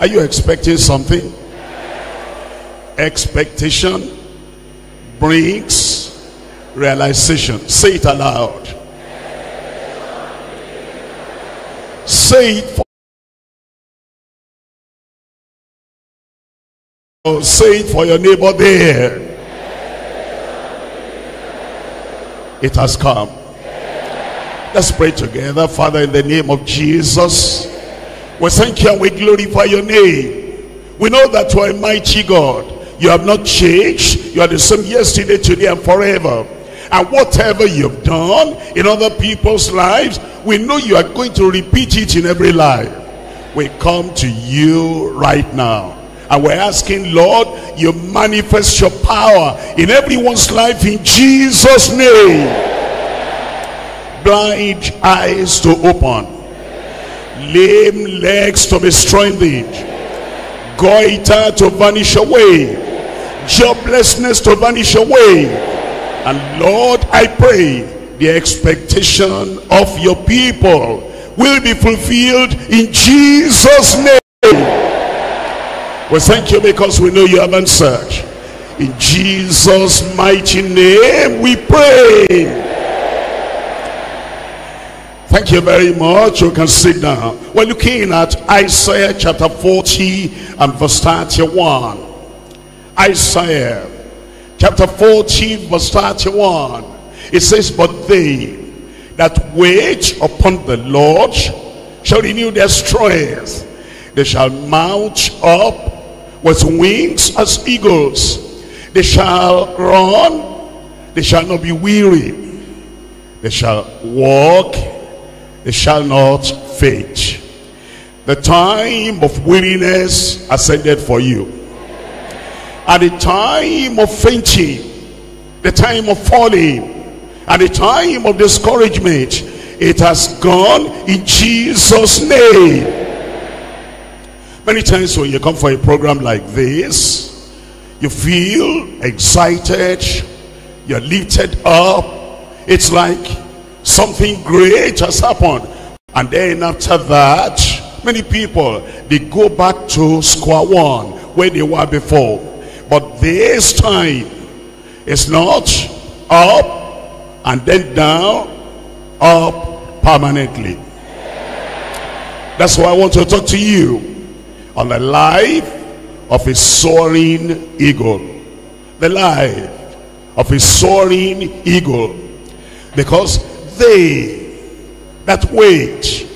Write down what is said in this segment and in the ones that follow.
Are you expecting something? Expectation brings realization. Say it aloud. Say it for Oh, say it for your neighbor there. It has come. Let's pray together. Father, in the name of Jesus, we thank you and we glorify your name. We know that you are a mighty God. You have not changed. You are the same yesterday, today, and forever. And whatever you've done in other people's lives, we know you are going to repeat it in every life. We come to you right now. And we're asking, Lord, you manifest your power in everyone's life in Jesus' name. Blind eyes to open lame legs to be strengthened, goiter to vanish away, joblessness to vanish away. And Lord, I pray the expectation of your people will be fulfilled in Jesus' name. We thank you because we know you have answered. In Jesus' mighty name we pray. Thank you very much. You can sit down. We're looking at Isaiah chapter 40 and verse 31. Isaiah chapter 40 verse 31. It says, But they that wait upon the Lord shall renew their strength. They shall mount up with wings as eagles. They shall run. They shall not be weary. They shall walk it shall not fade. The time of weariness ascended for you. At the time of fainting, the time of falling, at the time of discouragement, it has gone in Jesus' name. Many times when you come for a program like this, you feel excited, you're lifted up. It's like Something great has happened. And then after that, many people, they go back to square one, where they were before. But this time, it's not up and then down, up permanently. That's why I want to talk to you on the life of a soaring eagle. The life of a soaring eagle. Because they that wait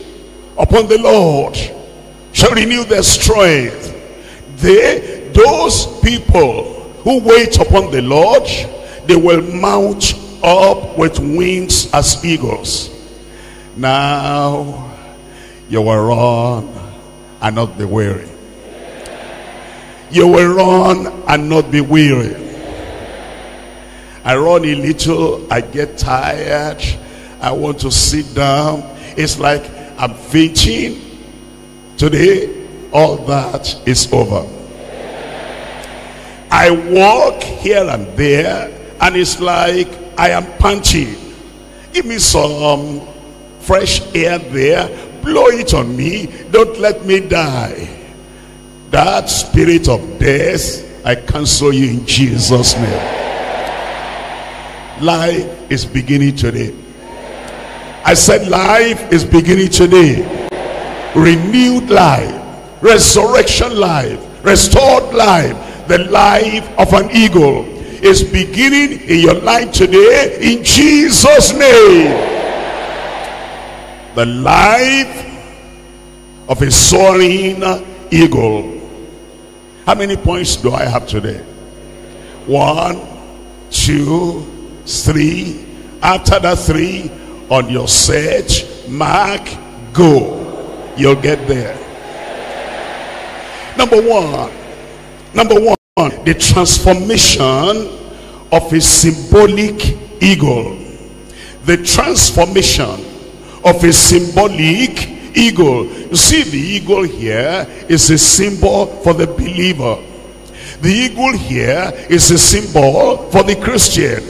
upon the Lord shall renew their strength. They, those people who wait upon the Lord, they will mount up with wings as eagles. Now you will run and not be weary. You will run and not be weary. I run a little, I get tired, I want to sit down. It's like I'm fainting. Today, all that is over. I walk here and there, and it's like I am panting. Give me some fresh air there. Blow it on me. Don't let me die. That spirit of death, I cancel you in Jesus' name. Life is beginning today. I said life is beginning today. Renewed life, resurrection life, restored life, the life of an eagle is beginning in your life today in Jesus name. The life of a soaring eagle. How many points do I have today? One, two, three. After that three, on your search, mark, go. You'll get there. Number one, number one, the transformation of a symbolic eagle. The transformation of a symbolic eagle. You see the eagle here is a symbol for the believer. The eagle here is a symbol for the Christian.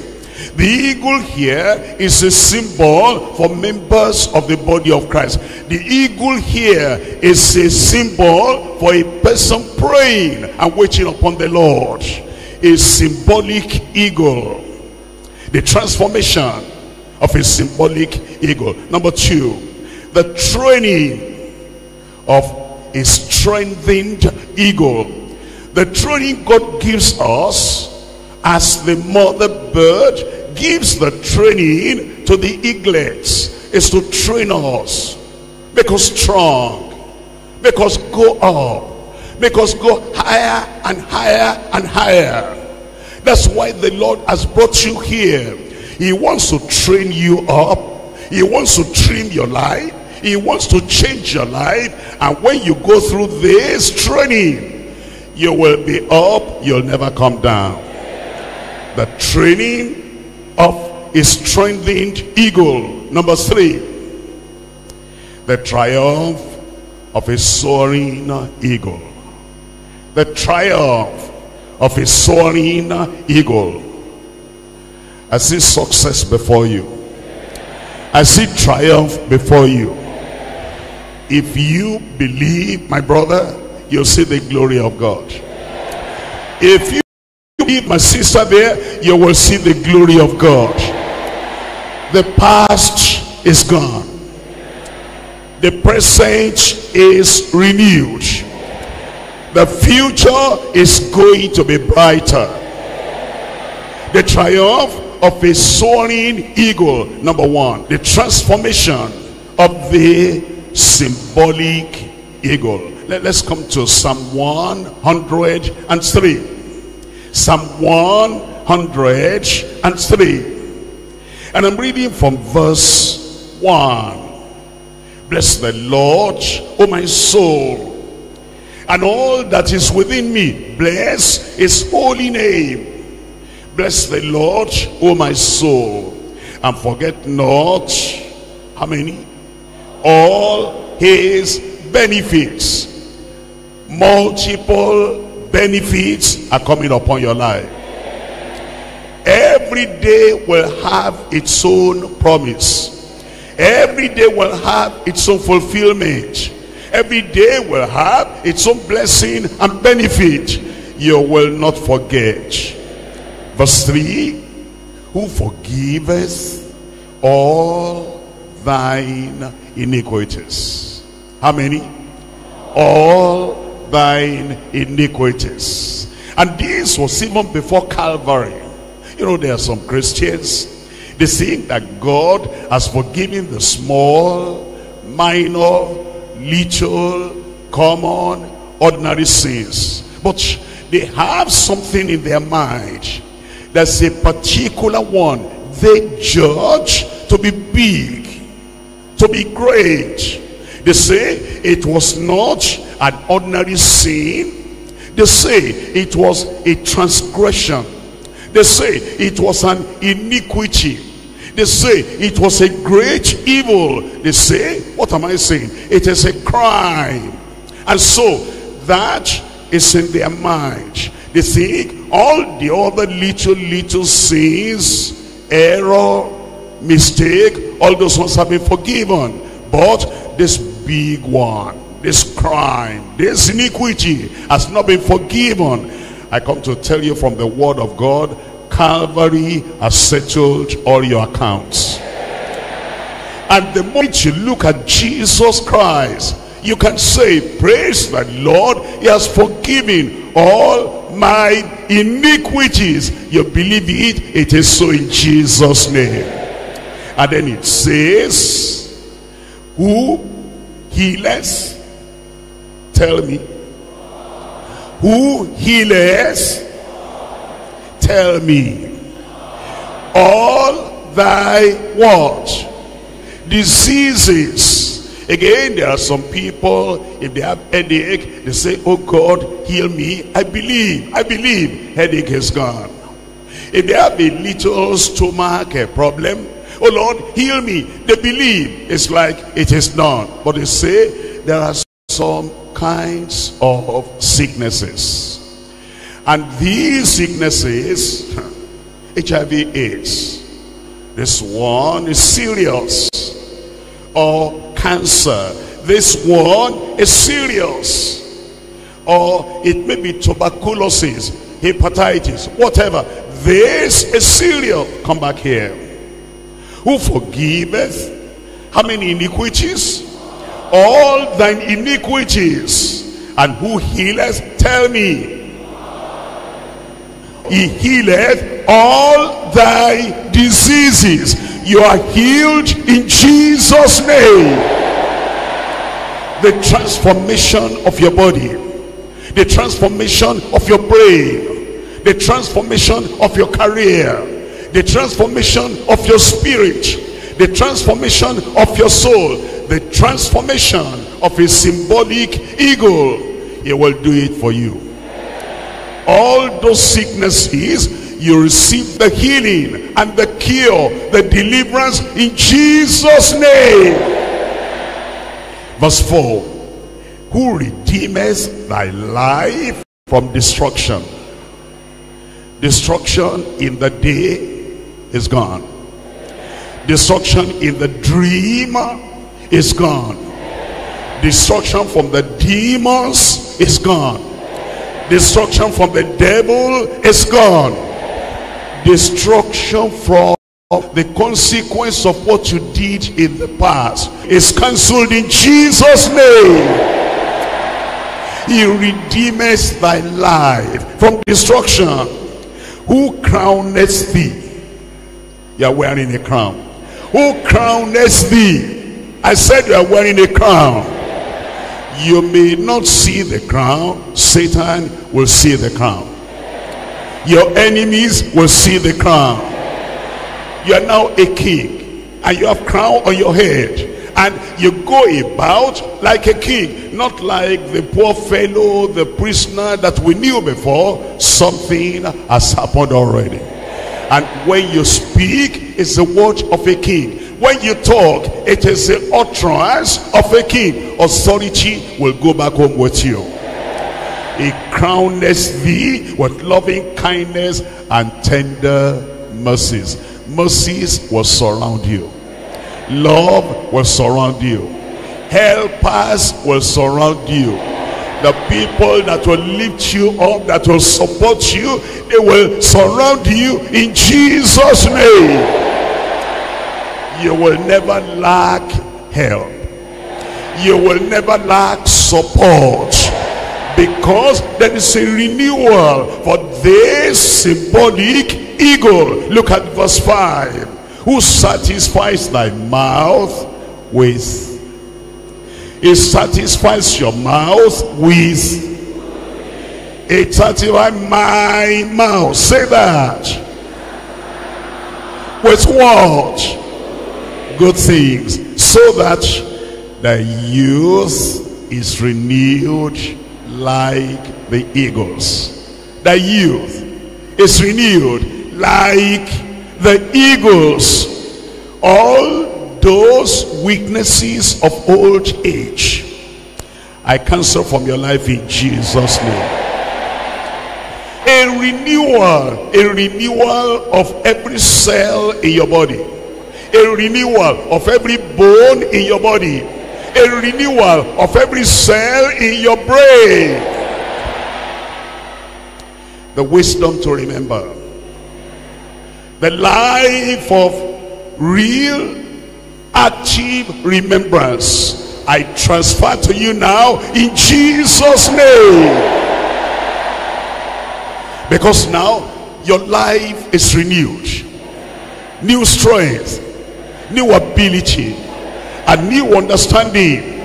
The eagle here is a symbol for members of the body of Christ. The eagle here is a symbol for a person praying and waiting upon the Lord. A symbolic eagle. The transformation of a symbolic eagle. Number two, the training of a strengthened eagle. The training God gives us as the mother bird gives the training to the eaglets is to train us. Make us strong. Make us go up. Make us go higher and higher and higher. That's why the Lord has brought you here. He wants to train you up. He wants to trim your life. He wants to change your life. And when you go through this training, you will be up. You'll never come down. The training of a strengthened eagle. Number three, the triumph of a soaring eagle. The triumph of a soaring eagle. I see success before you. I see triumph before you. If you believe, my brother, you'll see the glory of God. If you leave my sister there, you will see the glory of God. The past is gone. The present is renewed. The future is going to be brighter. The triumph of a soaring eagle, number one. The transformation of the symbolic eagle. Let, us come to Psalm 103. Psalm 103. And I'm reading from verse 1. Bless the Lord, O my soul, and all that is within me. Bless his holy name. Bless the Lord, O my soul, and forget not, how many? All his benefits. Multiple benefits are coming upon your life. Every day will have its own promise. Every day will have its own fulfillment. Every day will have its own blessing and benefit. You will not forget. Verse 3, Who forgiveth all thine iniquities? How many? All thine iniquities. And this was even before Calvary. You know, there are some Christians, they think that God has forgiven the small, minor, little, common, ordinary sins. But they have something in their mind. that's a particular one they judge to be big, to be great, they say it was not an ordinary sin. They say it was a transgression. They say it was an iniquity. They say it was a great evil. They say, what am I saying? It is a crime. And so that is in their mind. They think all the other little, little sins, error, mistake, all those ones have been forgiven. But this big one. This crime, this iniquity has not been forgiven. I come to tell you from the word of God, Calvary has settled all your accounts. And the moment you look at Jesus Christ, you can say, praise the Lord, he has forgiven all my iniquities. You believe it, it is so in Jesus' name. And then it says, who healers? Tell me. Who healers? Tell me. All thy what? Diseases. Again, there are some people, if they have headache, they say, oh God, heal me. I believe, I believe, headache is gone. If they have a little stomach a problem, Oh Lord, heal me. They believe it's like it is done. But they say there are some kinds of sicknesses. And these sicknesses, HIV AIDS, this one is serious. Or cancer, this one is serious. Or it may be tuberculosis, hepatitis, whatever. This is serious. Come back here who forgiveth how many iniquities all thine iniquities and who healeth tell me he healeth all thy diseases you are healed in jesus name the transformation of your body the transformation of your brain the transformation of your career the transformation of your spirit, the transformation of your soul, the transformation of a symbolic eagle. He will do it for you. All those sicknesses, you receive the healing and the cure, the deliverance in Jesus' name. Verse 4, who redeemeth thy life from destruction. Destruction in the day is gone. Destruction in the dream is gone. Destruction from the demons is gone. Destruction from the devil is gone. Destruction from the consequence of what you did in the past is cancelled in Jesus' name. He redeemeth thy life from destruction. Who crowneth thee you are wearing a crown who crowns thee i said you are wearing a crown you may not see the crown satan will see the crown your enemies will see the crown you are now a king and you have crown on your head and you go about like a king not like the poor fellow the prisoner that we knew before something has happened already and when you speak, it's the word of a king. When you talk, it is the utterance of a king. Authority will go back home with you. He crowns thee with loving kindness and tender mercies. Mercies will surround you. Love will surround you. Helpers will surround you the people that will lift you up that will support you they will surround you in jesus name you will never lack help you will never lack support because there is a renewal for this symbolic eagle look at verse 5 who satisfies thy mouth with it satisfies your mouth with it satisfies my mouth. Say that. With what? Good things. So that the youth is renewed like the eagles. The youth is renewed like the eagles. All those weaknesses of old age I cancel from your life in Jesus name a renewal a renewal of every cell in your body a renewal of every bone in your body a renewal of every cell in your brain the wisdom to remember the life of real active remembrance. I transfer to you now in Jesus' name. Because now your life is renewed. New strength, new ability, a new understanding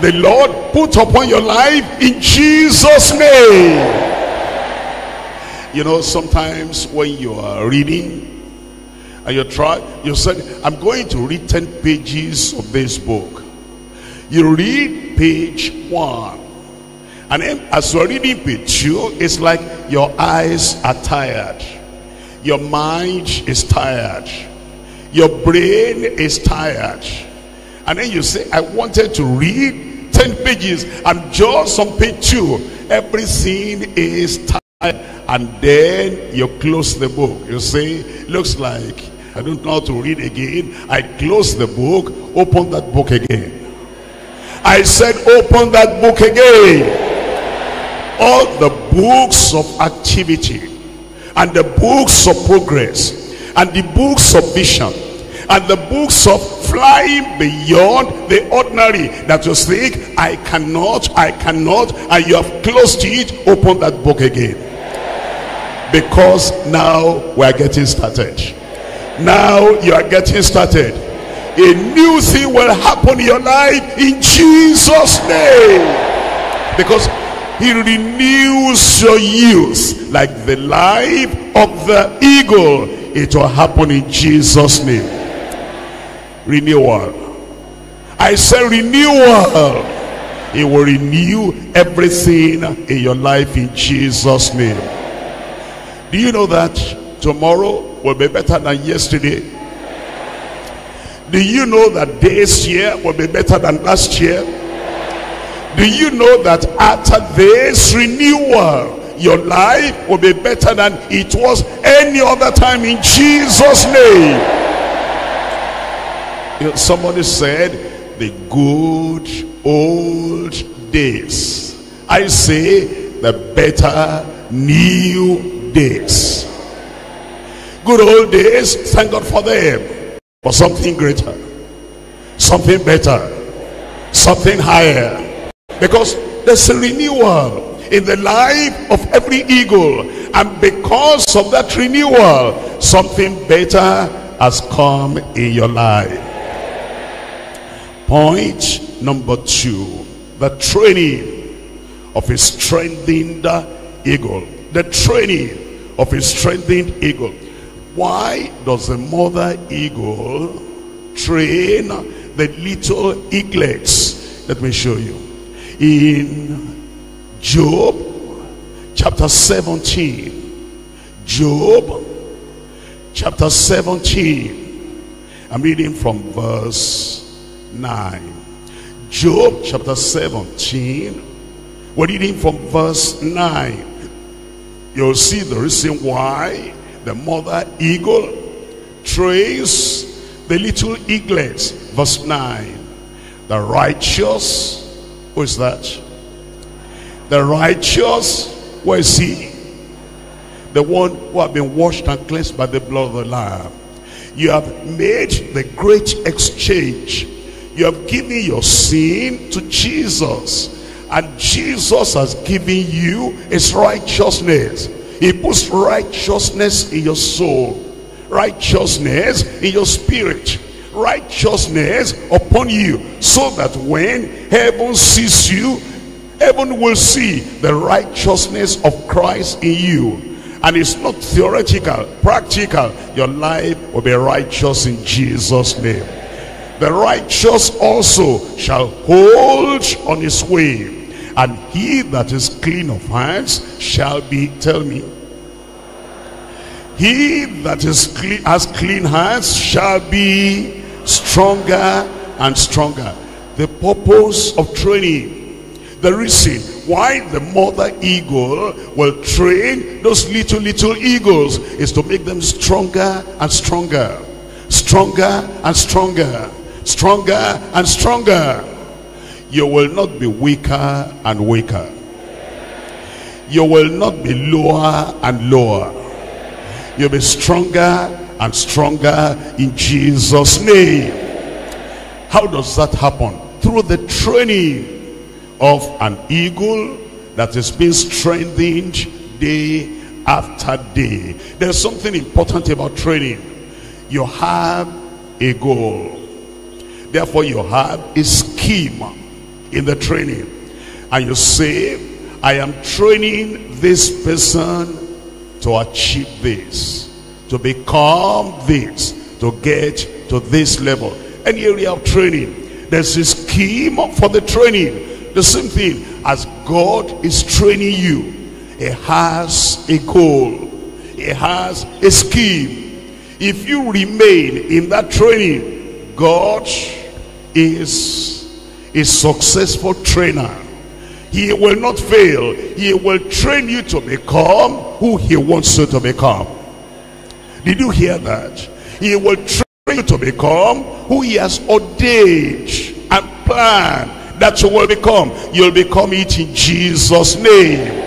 the Lord put upon your life in Jesus name you know sometimes when you are reading and you try, you said, I'm going to read 10 pages of this book. You read page one. And as you're reading page two, it's like your eyes are tired. Your mind is tired. Your brain is tired. And then you say, I wanted to read 10 pages. I'm just on page two. Everything is tired. And then you close the book. You say, looks like I don't know how to read again. I close the book, open that book again. I said, open that book again. All the books of activity and the books of progress and the books of vision and the books of flying beyond the ordinary that you think I cannot, I cannot, and you have closed it, open that book again. Because now we're getting started now you are getting started a new thing will happen in your life in jesus name because he renews your youth like the life of the eagle it will happen in jesus name renewal i say renewal it will renew everything in your life in jesus name do you know that Tomorrow will be better than yesterday. Do you know that this year will be better than last year? Do you know that after this renewal, your life will be better than it was any other time in Jesus' name? Somebody said, the good old days. I say, the better new days good old days, thank God for them. But something greater, something better, something higher. Because there's a renewal in the life of every eagle. And because of that renewal, something better has come in your life. Point number two, the training of a strengthened eagle. The training of a strengthened eagle. Why does the mother eagle train the little eaglets? Let me show you. In Job chapter 17, Job chapter 17, I'm reading from verse 9. Job chapter 17, we're reading from verse 9. You'll see the reason why the mother eagle trace the little eaglets verse 9 the righteous who is that the righteous where is he the one who have been washed and cleansed by the blood of the lamb you have made the great exchange you have given your sin to jesus and jesus has given you his righteousness he puts righteousness in your soul, righteousness in your spirit, righteousness upon you, so that when heaven sees you, heaven will see the righteousness of Christ in you. And it's not theoretical, practical. Your life will be righteous in Jesus' name. The righteous also shall hold on his way. And he that is clean of hands shall be, tell me, he that is clean, has clean hands shall be stronger and stronger. The purpose of training, the reason why the mother eagle will train those little, little eagles is to make them stronger and stronger, stronger and stronger, stronger and stronger. You will not be weaker and weaker you will not be lower and lower. You'll be stronger and stronger in Jesus' name. How does that happen? Through the training of an eagle that is being strengthened day after day. There's something important about training. You have a goal. Therefore, you have a scheme in the training. And you say, I am training this person to achieve this, to become this, to get to this level. Any area of training, there's a scheme for the training. The same thing as God is training you, He has a goal, He has a scheme. If you remain in that training, God is a successful trainer he will not fail. He will train you to become who he wants you to become. Did you hear that? He will train you to become who he has ordained and planned that you will become. You'll become it in Jesus' name.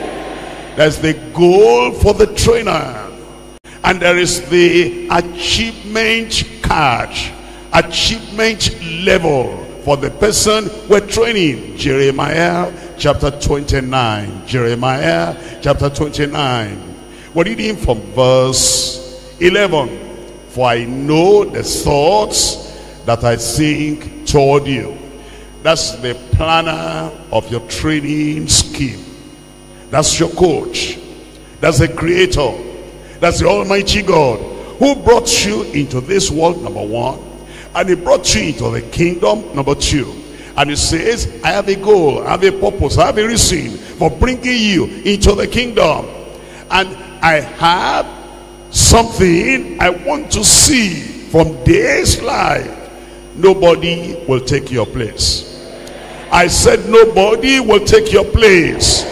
That's the goal for the trainer. And there is the achievement card, achievement level for the person we're training. Jeremiah chapter 29. Jeremiah chapter 29. We're reading from verse 11. For I know the thoughts that I think toward you. That's the planner of your training scheme. That's your coach. That's the creator. That's the almighty God who brought you into this world, number one. And he brought you into the kingdom, number two. And he says, I have a goal, I have a purpose, I have a reason for bringing you into the kingdom. And I have something I want to see from this life. Nobody will take your place. I said nobody will take your place.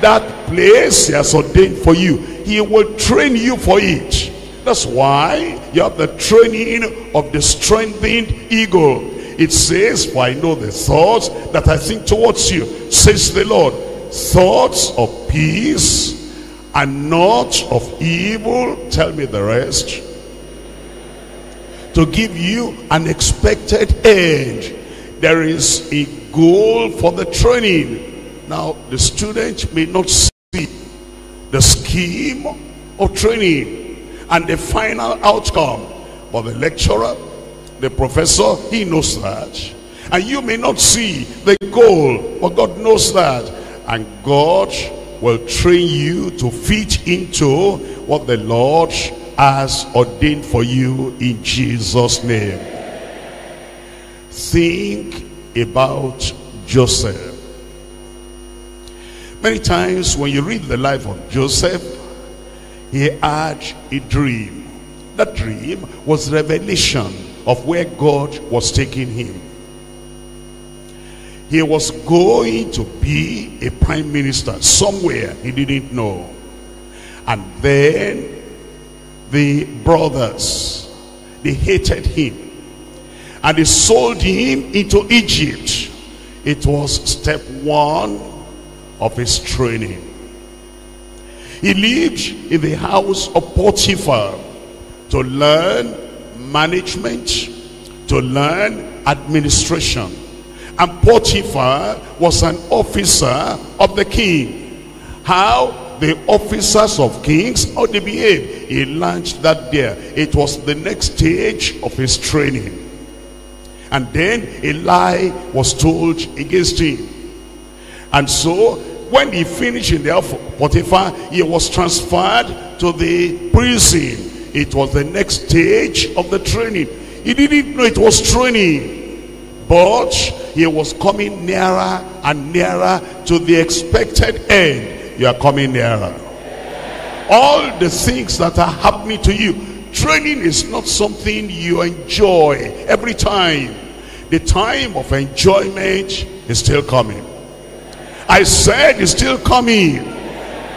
That place he has ordained for you. He will train you for it. That's why you have the training of the strengthened eagle. It says, For I know the thoughts that I think towards you, says the Lord, thoughts of peace and not of evil. Tell me the rest. To give you an expected end. There is a goal for the training. Now, the student may not see the scheme of training and the final outcome, but the lecturer the professor, he knows that. And you may not see the goal, but God knows that. And God will train you to fit into what the Lord has ordained for you in Jesus' name. Think about Joseph. Many times when you read the life of Joseph, he had a dream. That dream was revelation of where God was taking him. He was going to be a prime minister somewhere he didn't know. And then the brothers, they hated him. And they sold him into Egypt. It was step one of his training. He lived in the house of Potiphar to learn management, to learn administration. And Potiphar was an officer of the king. How the officers of kings, how they behave. He launched that there. It was the next stage of his training. And then a lie was told against him. And so when he finished in the Potiphar, he was transferred to the prison it was the next stage of the training. He didn't know it was training, but he was coming nearer and nearer to the expected end. You are coming nearer. All the things that are happening to you, training is not something you enjoy every time. The time of enjoyment is still coming. I said it's still coming.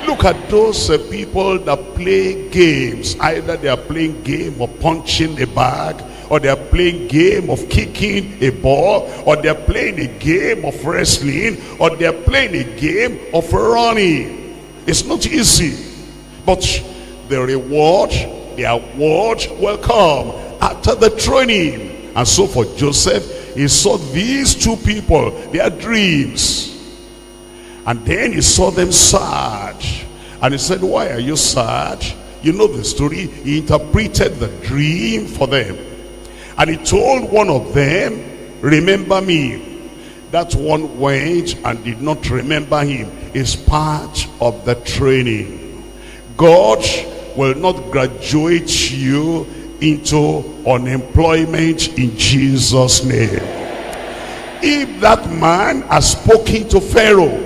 Look at those uh, people that play games. Either they are playing game of punching a bag, or they are playing game of kicking a ball, or they are playing a game of wrestling, or they are playing a game of running. It's not easy, but the reward, the award will come after the training. And so for Joseph, he saw these two people, their dreams and then he saw them sad. And he said, why are you sad? You know the story. He interpreted the dream for them. And he told one of them, remember me. That one went and did not remember him. It's part of the training. God will not graduate you into unemployment in Jesus' name. If that man has spoken to Pharaoh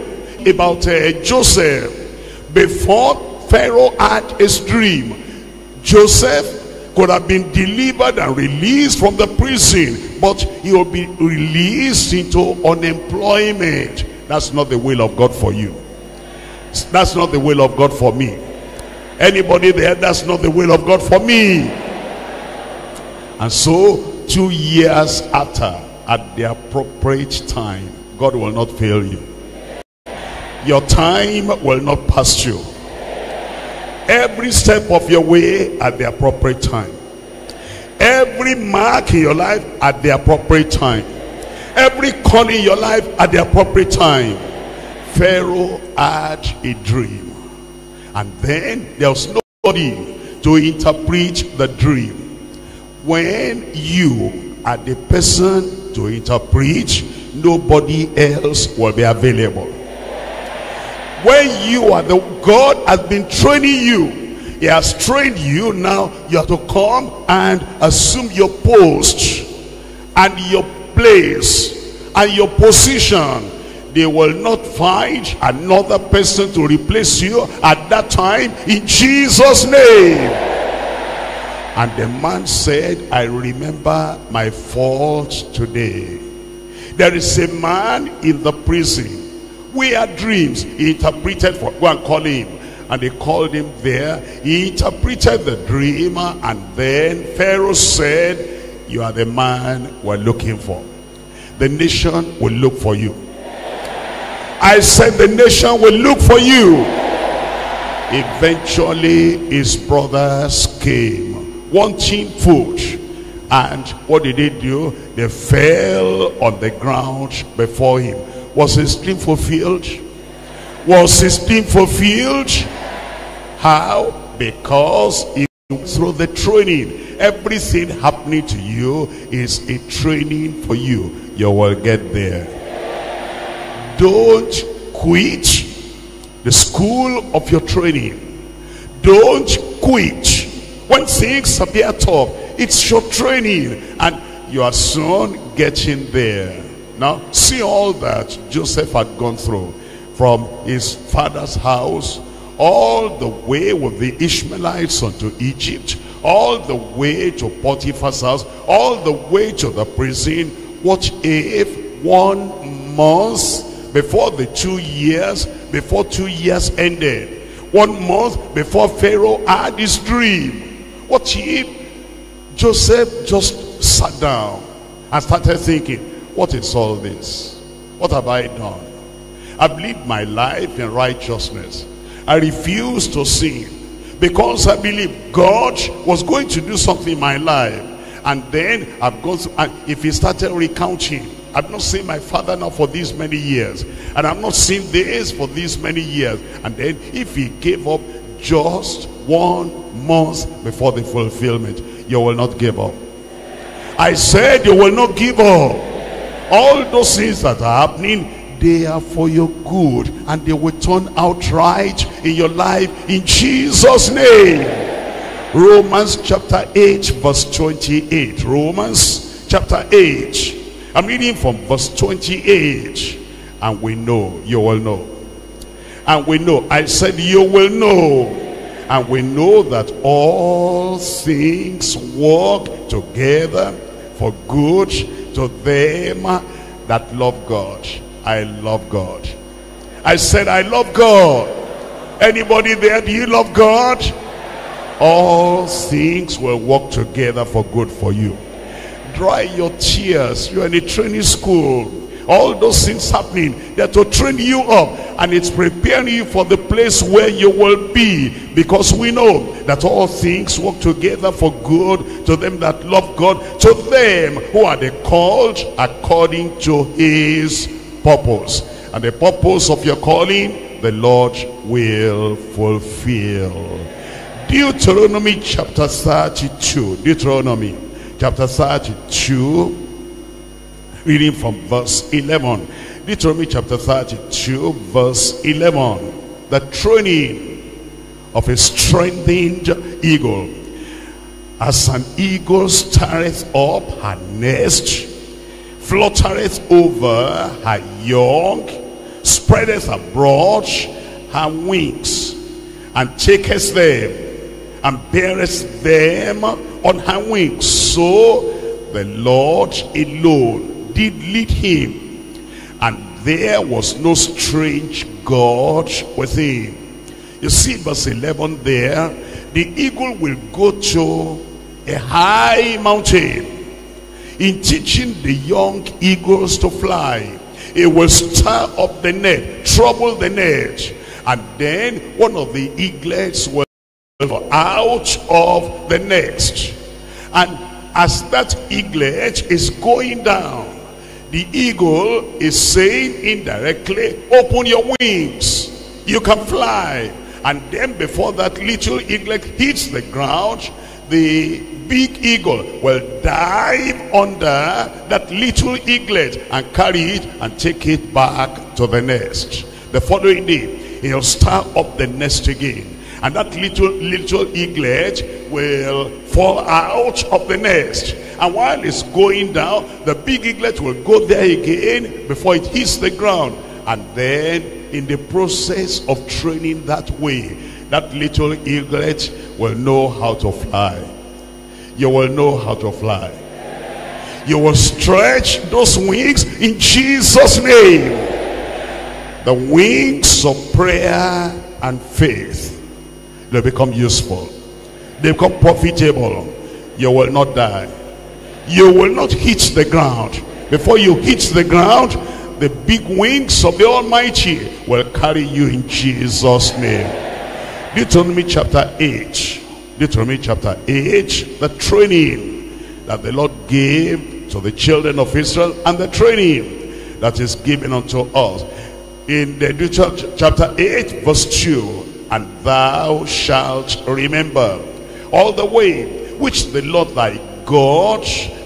about uh, Joseph. Before Pharaoh had his dream, Joseph could have been delivered and released from the prison, but he will be released into unemployment. That's not the will of God for you. That's not the will of God for me. Anybody there, that's not the will of God for me. And so, two years after, at the appropriate time, God will not fail you your time will not pass you. Every step of your way at the appropriate time. Every mark in your life at the appropriate time. Every call in your life at the appropriate time. Pharaoh had a dream. And then there was nobody to interpret the dream. When you are the person to interpret, nobody else will be available when you are the God has been training you he has trained you now you have to come and assume your post and your place and your position they will not find another person to replace you at that time in Jesus name and the man said I remember my fault today there is a man in the prison weird dreams. He interpreted for, go and call him. And they called him there. He interpreted the dream. And then Pharaoh said, you are the man we're looking for. The nation will look for you. I said the nation will look for you. Eventually his brothers came wanting food. And what did they do? They fell on the ground before him. Was his dream fulfilled? Was his dream fulfilled? How? Because through the training. Everything happening to you is a training for you. You will get there. Don't quit the school of your training. Don't quit. When things appear tough, it's your training and you are soon getting there. Now, see all that Joseph had gone through from his father's house all the way with the Ishmaelites unto Egypt, all the way to Potiphar's house, all the way to the prison. What if one month before the two years, before two years ended, one month before Pharaoh had his dream? What if Joseph just sat down and started thinking, what is all this? What have I done? I've lived my life in righteousness. I refuse to sin because I believe God was going to do something in my life. And then I've gone through, and if he started recounting, I've not seen my father now for these many years. And I've not seen this for these many years. And then if he gave up just one month before the fulfillment, you will not give up. I said you will not give up all those things that are happening they are for your good and they will turn out right in your life in jesus name romans chapter 8 verse 28 romans chapter 8 i'm reading from verse 28 and we know you will know and we know i said you will know and we know that all things work together for good to them that love God. I love God. I said, I love God. Anybody there, do you love God? All things will work together for good for you. Dry your tears. You're in a training school all those things happening they're to train you up and it's preparing you for the place where you will be because we know that all things work together for good to them that love God to them who are the called according to his purpose and the purpose of your calling the Lord will fulfill Deuteronomy chapter 32 Deuteronomy chapter 32 reading from verse 11. Deuteronomy chapter 32, verse 11. The training of a strengthened eagle. As an eagle stirreth up her nest, fluttereth over her young, spreadeth abroad her wings, and taketh them, and beareth them on her wings. So the Lord alone did lead him, and there was no strange God with him. You see verse 11 there, the eagle will go to a high mountain. In teaching the young eagles to fly, it will stir up the net, trouble the net, and then one of the eaglets will out of the nest. And as that eaglet is going down, the eagle is saying indirectly, open your wings. You can fly. And then before that little eaglet hits the ground, the big eagle will dive under that little eaglet and carry it and take it back to the nest. The following day, he'll start up the nest again and that little little eaglet will fall out of the nest and while it's going down the big eaglet will go there again before it hits the ground and then in the process of training that way that little eaglet will know how to fly you will know how to fly you will stretch those wings in Jesus name the wings of prayer and faith they become useful. They become profitable. You will not die. You will not hit the ground. Before you hit the ground, the big wings of the Almighty will carry you in Jesus' name. Deuteronomy chapter 8. Deuteronomy chapter 8, the training that the Lord gave to the children of Israel and the training that is given unto us. In the Deuteronomy chapter 8, verse 2, and thou shalt remember all the way which the Lord thy God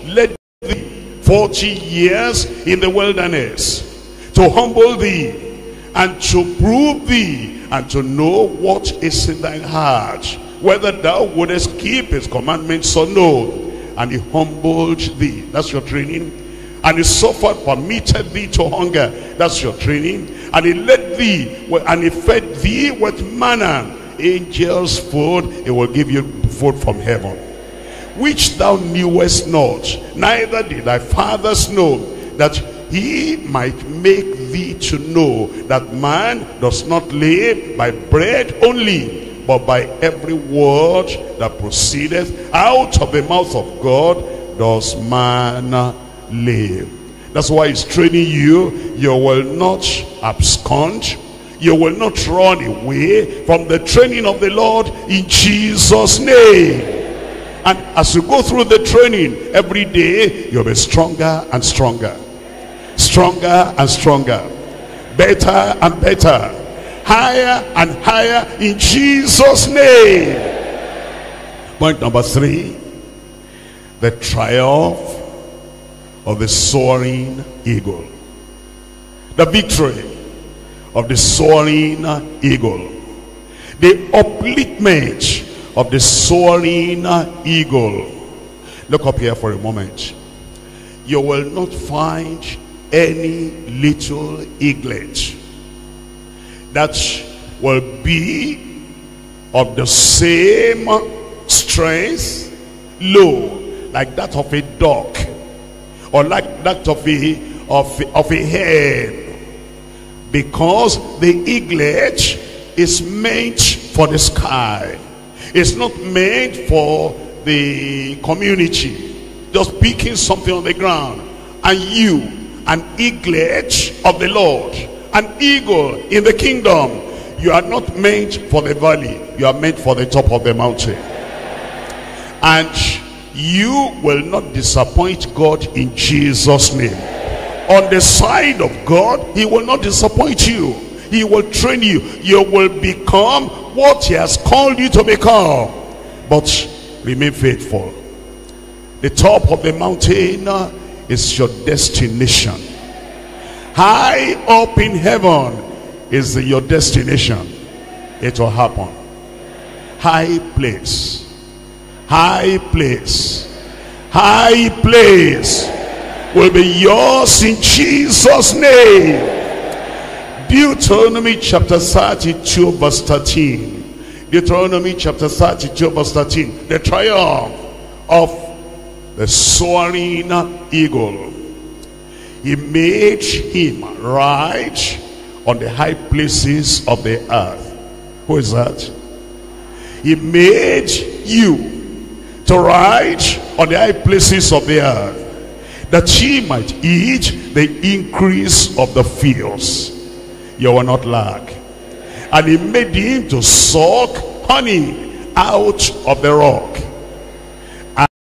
led thee 40 years in the wilderness to humble thee and to prove thee and to know what is in thine heart whether thou wouldest keep his commandments or no and he humbled thee that's your training and he suffered, permitted thee to hunger. That's your training. And he led thee, and he fed thee with manna. Angels' food, he will give you food from heaven. Which thou knewest not, neither did thy fathers know, that he might make thee to know that man does not live by bread only, but by every word that proceedeth out of the mouth of God does man live. That's why he's training you. You will not abscond. You will not run away from the training of the Lord in Jesus' name. And as you go through the training every day, you'll be stronger and stronger. Stronger and stronger. Better and better. Higher and higher in Jesus' name. Point number three. The triumph of the soaring eagle. The victory of the soaring eagle. The upliftment of the soaring eagle. Look up here for a moment. You will not find any little eaglet that will be of the same strength, low, like that of a dog or like that of a, of, of a hen. Because the eaglet is meant for the sky. It's not meant for the community. Just picking something on the ground. And you, an eaglet of the Lord, an eagle in the kingdom. You are not meant for the valley. You are meant for the top of the mountain. And you will not disappoint God in Jesus name on the side of God he will not disappoint you he will train you you will become what he has called you to become but remain faithful the top of the mountain is your destination high up in heaven is your destination it will happen high place high place high place will be yours in Jesus name Deuteronomy chapter 32 verse 13 Deuteronomy chapter 32 verse 13 the triumph of the soaring eagle he made him ride on the high places of the earth who is that he made you to ride on the high places of the earth, that she might eat the increase of the fields. You will not lack. And he made him to suck honey out of the rock,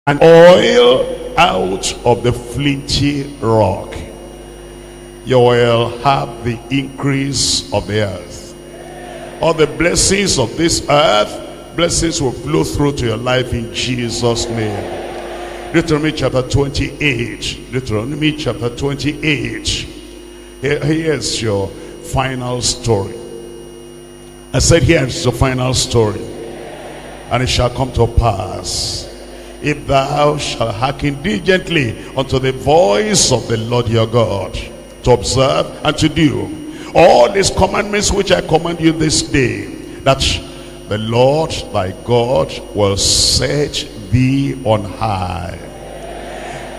and oil out of the flinty rock. You will have the increase of the earth. All the blessings of this earth blessings will flow through to your life in Jesus' name. Deuteronomy chapter 28. Deuteronomy chapter 28. here's your final story. I said, here's the final story. And it shall come to pass. If thou shalt hearken diligently unto the voice of the Lord your God, to observe and to do all these commandments which I command you this day, that the Lord thy God will set thee on high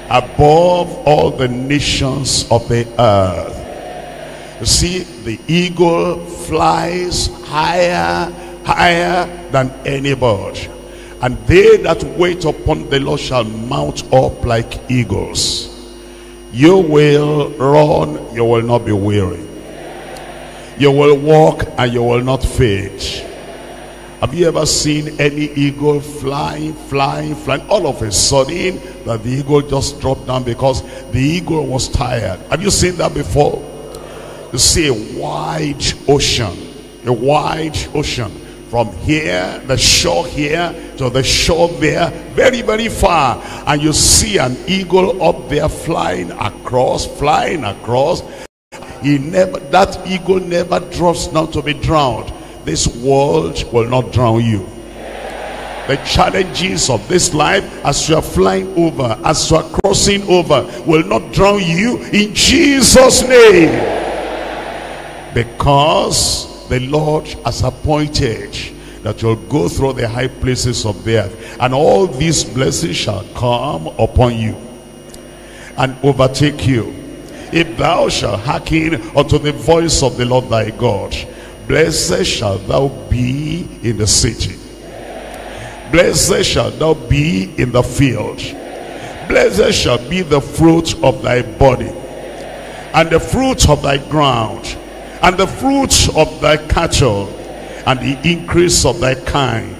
above all the nations of the earth. You see, the eagle flies higher, higher than any bird. And they that wait upon the Lord shall mount up like eagles. You will run, you will not be weary. You will walk and you will not faint. Have you ever seen any eagle flying, flying, flying? All of a sudden, that the eagle just dropped down because the eagle was tired. Have you seen that before? You see a wide ocean, a wide ocean. From here, the shore here, to the shore there, very, very far. And you see an eagle up there flying across, flying across. He never, that eagle never drops down to be drowned this world will not drown you. The challenges of this life as you are flying over, as you are crossing over, will not drown you in Jesus' name. Because the Lord has appointed that you'll go through the high places of the earth. And all these blessings shall come upon you and overtake you. If thou shalt hearken unto the voice of the Lord thy God Blessed shall thou be in the city. Blessed shall thou be in the field. Blessed shall be the fruit of thy body, and the fruit of thy ground, and the fruit of thy cattle, and the increase of thy kind,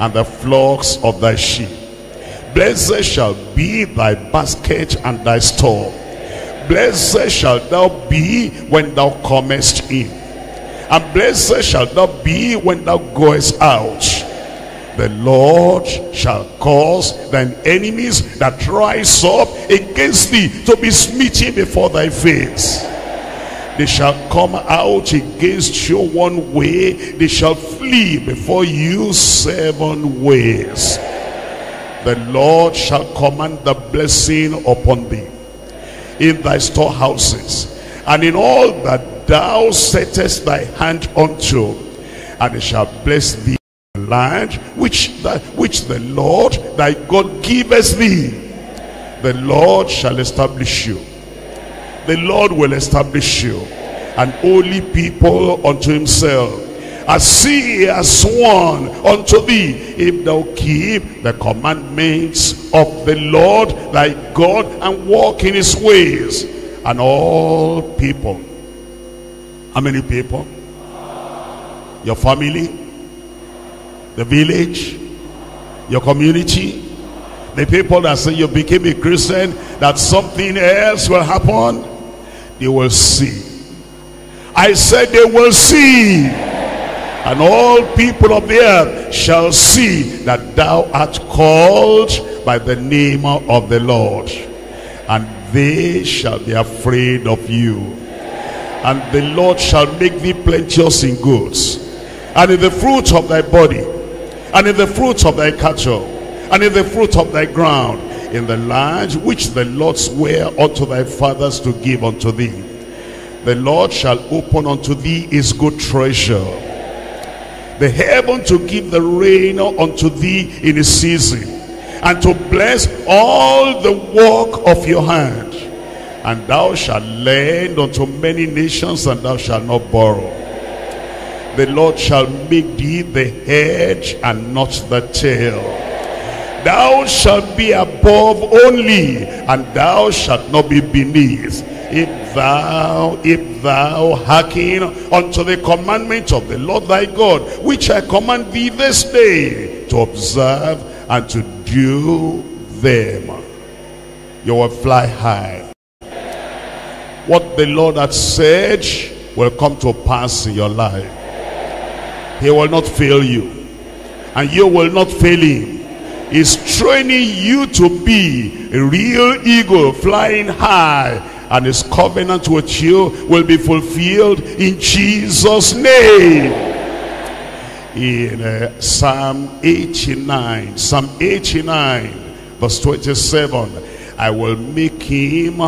and the flocks of thy sheep. Blessed shall be thy basket and thy store. Blessed shall thou be when thou comest in. And blessed shall thou be when thou goest out. The Lord shall cause thine enemies that rise up against thee to be smitten before thy face. They shall come out against you one way. They shall flee before you seven ways. The Lord shall command the blessing upon thee in thy storehouses and in all that thou settest thy hand unto and it shall bless thee land which the, which the Lord thy God giveth thee the Lord shall establish you the Lord will establish you an holy people unto himself as he has sworn unto thee if thou keep the commandments of the Lord thy God and walk in his ways and all people how many people? Your family? The village? Your community? The people that say you became a Christian, that something else will happen? They will see. I said they will see. And all people of the earth shall see that thou art called by the name of the Lord. And they shall be afraid of you and the Lord shall make thee plenteous in goods, and in the fruit of thy body, and in the fruit of thy cattle, and in the fruit of thy ground, in the land which the Lord sware unto thy fathers to give unto thee. The Lord shall open unto thee his good treasure, the heaven to give the rain unto thee in a season, and to bless all the work of your hand and thou shalt lend unto many nations, and thou shalt not borrow. The Lord shall make thee the head and not the tail. Thou shalt be above only, and thou shalt not be beneath. If thou, if thou hearken unto the commandment of the Lord thy God, which I command thee this day, to observe and to do them, you will fly high what the Lord has said will come to pass in your life. He will not fail you. And you will not fail him. He's training you to be a real eagle flying high. And his covenant with you will be fulfilled in Jesus' name. In uh, Psalm 89, Psalm 89, verse 27, I will make him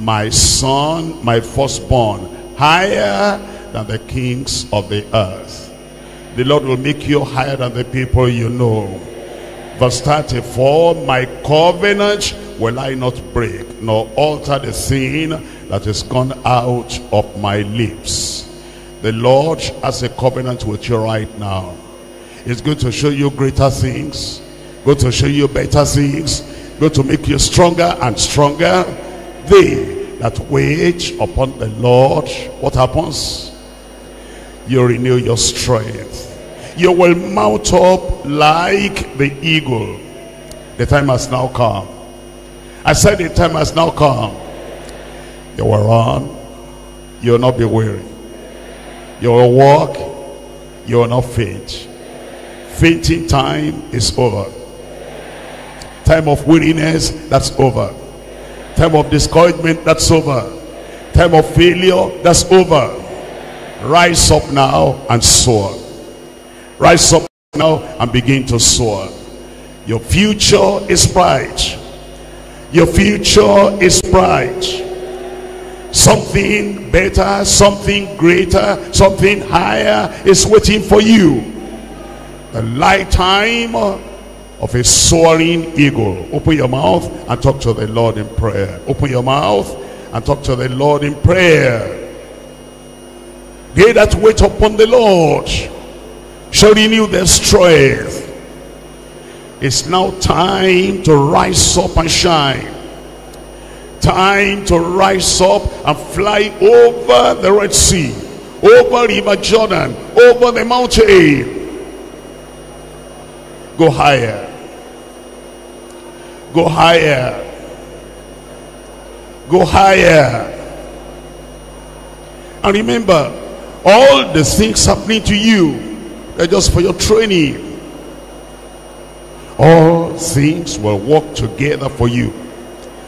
my son, my firstborn, higher than the kings of the earth. The Lord will make you higher than the people you know. Verse 34, my covenant will I not break, nor alter the sin that is gone out of my lips. The Lord has a covenant with you right now. It's going to show you greater things, going to show you better things, going to make you stronger and stronger they that wait upon the Lord, what happens? You renew your strength. You will mount up like the eagle. The time has now come. I said the time has now come. You will run. You will not be weary. You will walk. You will not faint. Fainting time is over. Time of weariness, that's over Time of discouragement, that's over. Time of failure, that's over. Rise up now and soar. Rise up now and begin to soar. Your future is bright. Your future is bright. Something better, something greater, something higher is waiting for you. The lifetime of a soaring eagle. Open your mouth and talk to the Lord in prayer. Open your mouth and talk to the Lord in prayer. They that wait upon the Lord shall renew their strength. It's now time to rise up and shine. Time to rise up and fly over the Red Sea, over River Jordan, over the mountain. Go higher. Go higher. Go higher. And remember, all the things happening to you, they're just for your training. All things will work together for you.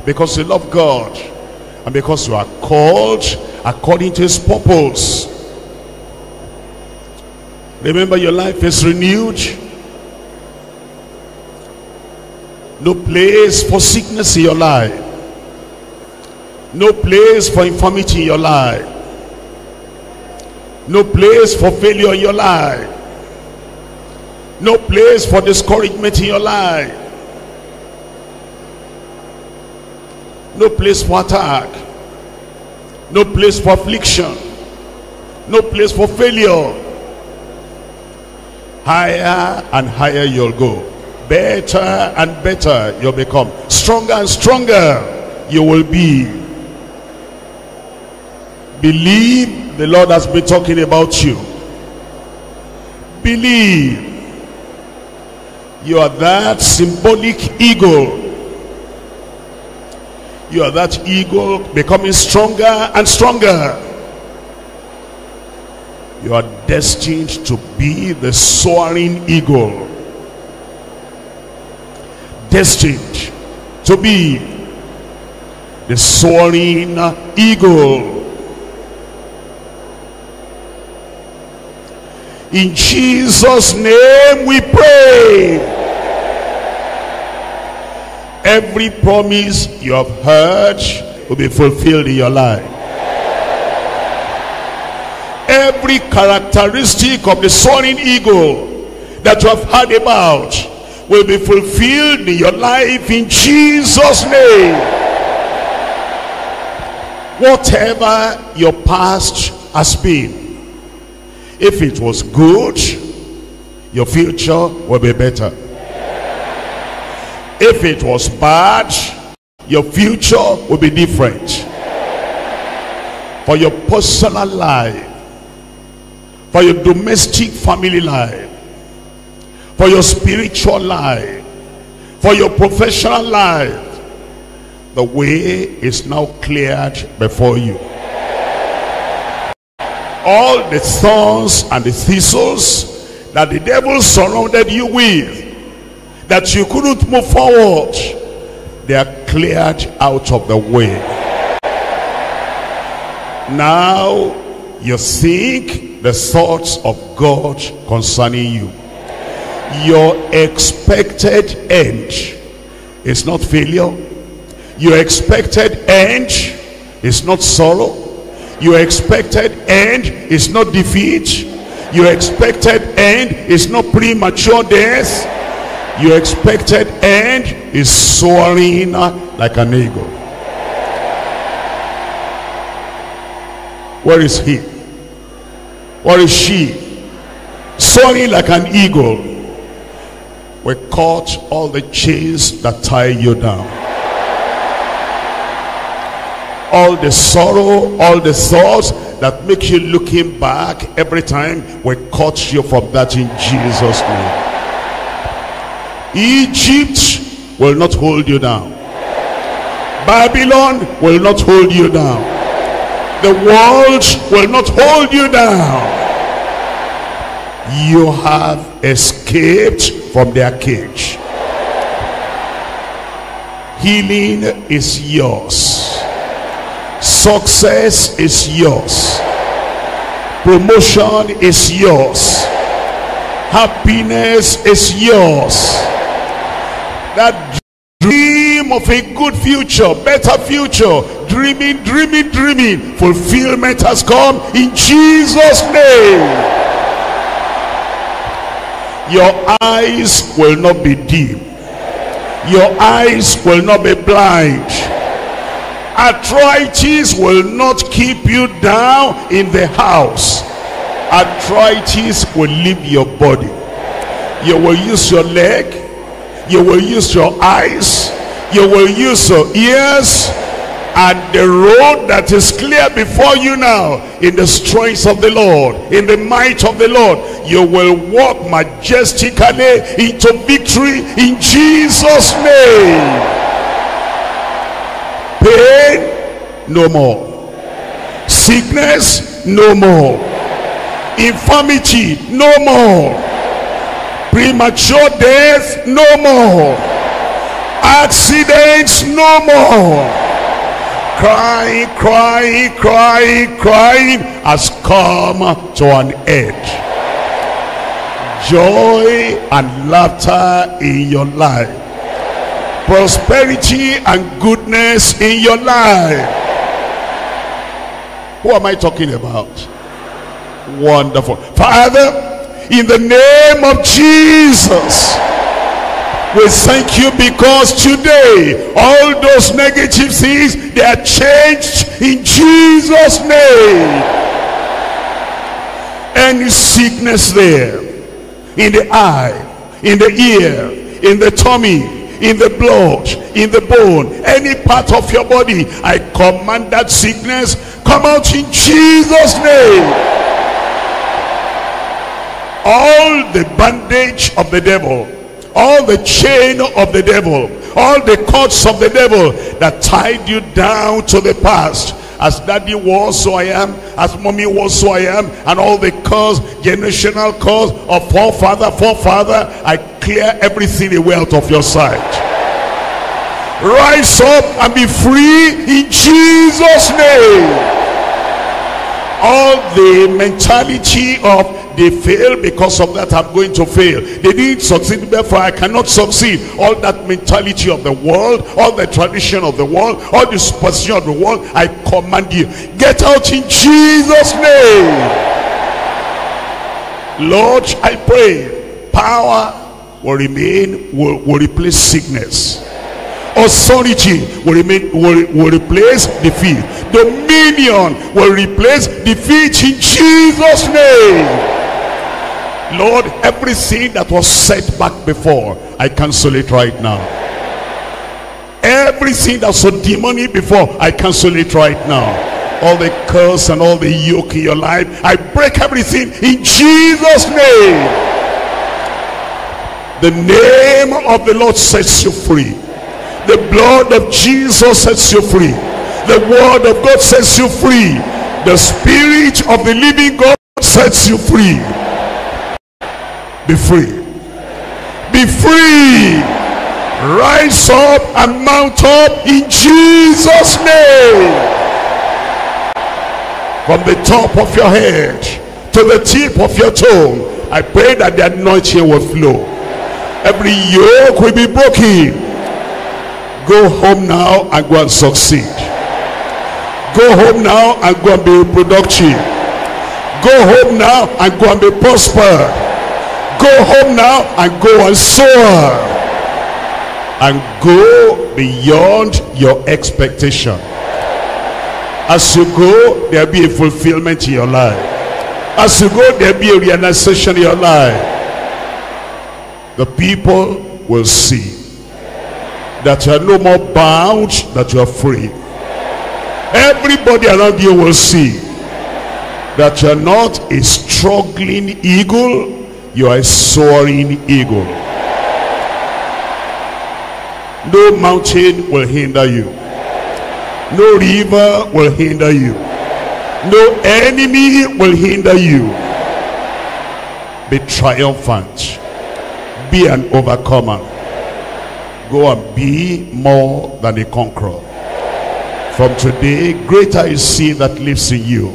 Because you love God. And because you are called according to his purpose. Remember your life is renewed No place for sickness in your life. No place for infirmity in your life. No place for failure in your life. No place for discouragement in your life. No place for attack. No place for affliction. No place for failure. Higher and higher you'll go better and better you'll become stronger and stronger you will be believe the Lord has been talking about you believe you are that symbolic eagle you are that eagle becoming stronger and stronger you are destined to be the soaring eagle destined to be the soaring eagle. In Jesus' name we pray. Every promise you have heard will be fulfilled in your life. Every characteristic of the soaring eagle that you have heard about will be fulfilled in your life in Jesus name whatever your past has been if it was good your future will be better if it was bad your future will be different for your personal life for your domestic family life for your spiritual life, for your professional life. The way is now cleared before you. All the thorns and the thistles that the devil surrounded you with, that you couldn't move forward, they are cleared out of the way. Now you think the thoughts of God concerning you your expected end is not failure your expected end is not sorrow your expected end is not defeat your expected end is not premature death your expected end is soaring like an eagle where is he where is she soaring like an eagle we cut all the chains that tie you down. All the sorrow, all the thoughts that make you looking back every time, we cut you from that in Jesus' name. Egypt will not hold you down. Babylon will not hold you down. The world will not hold you down. You have escaped from their cage. Healing is yours. Success is yours. Promotion is yours. Happiness is yours. That dream of a good future, better future, dreaming, dreaming, dreaming, fulfillment has come in Jesus' name your eyes will not be dim your eyes will not be blind arthritis will not keep you down in the house arthritis will leave your body you will use your leg you will use your eyes you will use your ears and the road that is clear before you now in the strength of the Lord in the might of the Lord you will walk majestically into victory in Jesus name pain no more sickness no more infirmity no more premature death no more accidents no more crying, crying, crying, crying has come to an end. Joy and laughter in your life. Prosperity and goodness in your life. Who am I talking about? Wonderful. Father, in the name of Jesus. We thank you because today all those negative things they are changed in Jesus' name. Any sickness there in the eye, in the ear, in the tummy, in the blood, in the bone, any part of your body, I command that sickness come out in Jesus' name. All the bandage of the devil all the chain of the devil all the cords of the devil that tied you down to the past as daddy was so I am as mommy was so I am and all the cause generational cause of forefather forefather I clear everything away out of your sight rise up and be free in Jesus name all the mentality of they fail because of that I'm going to fail. They didn't succeed, therefore I cannot succeed. All that mentality of the world, all the tradition of the world, all the superstition of the world, I command you. Get out in Jesus' name. Lord, I pray power will remain, will, will replace sickness authority will remain will, will replace defeat dominion will replace defeat in jesus name Lord, every sin that was set back before, I cancel it right now. Every sin that was so demonic before, I cancel it right now. All the curse and all the yoke in your life, I break everything in Jesus' name. The name of the Lord sets you free. The blood of Jesus sets you free. The word of God sets you free. The spirit of the living God sets you free be free. Be free. Rise up and mount up in Jesus' name. From the top of your head to the tip of your toe, I pray that the anointing will flow. Every yoke will be broken. Go home now and go and succeed. Go home now and go and be productive. Go home now and go and be prospered Go home now and go and soar. And go beyond your expectation. As you go, there'll be a fulfillment in your life. As you go, there'll be a realization in your life. The people will see that you are no more bound, that you are free. Everybody around you will see that you are not a struggling eagle, you are a soaring eagle. No mountain will hinder you. No river will hinder you. No enemy will hinder you. Be triumphant. Be an overcomer. Go and be more than a conqueror. From today, greater is he that lives in you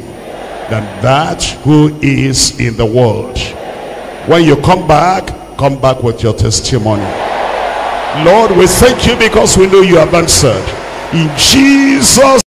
than that who is in the world. When you come back, come back with your testimony. Lord, we thank you because we know you have answered. In Jesus'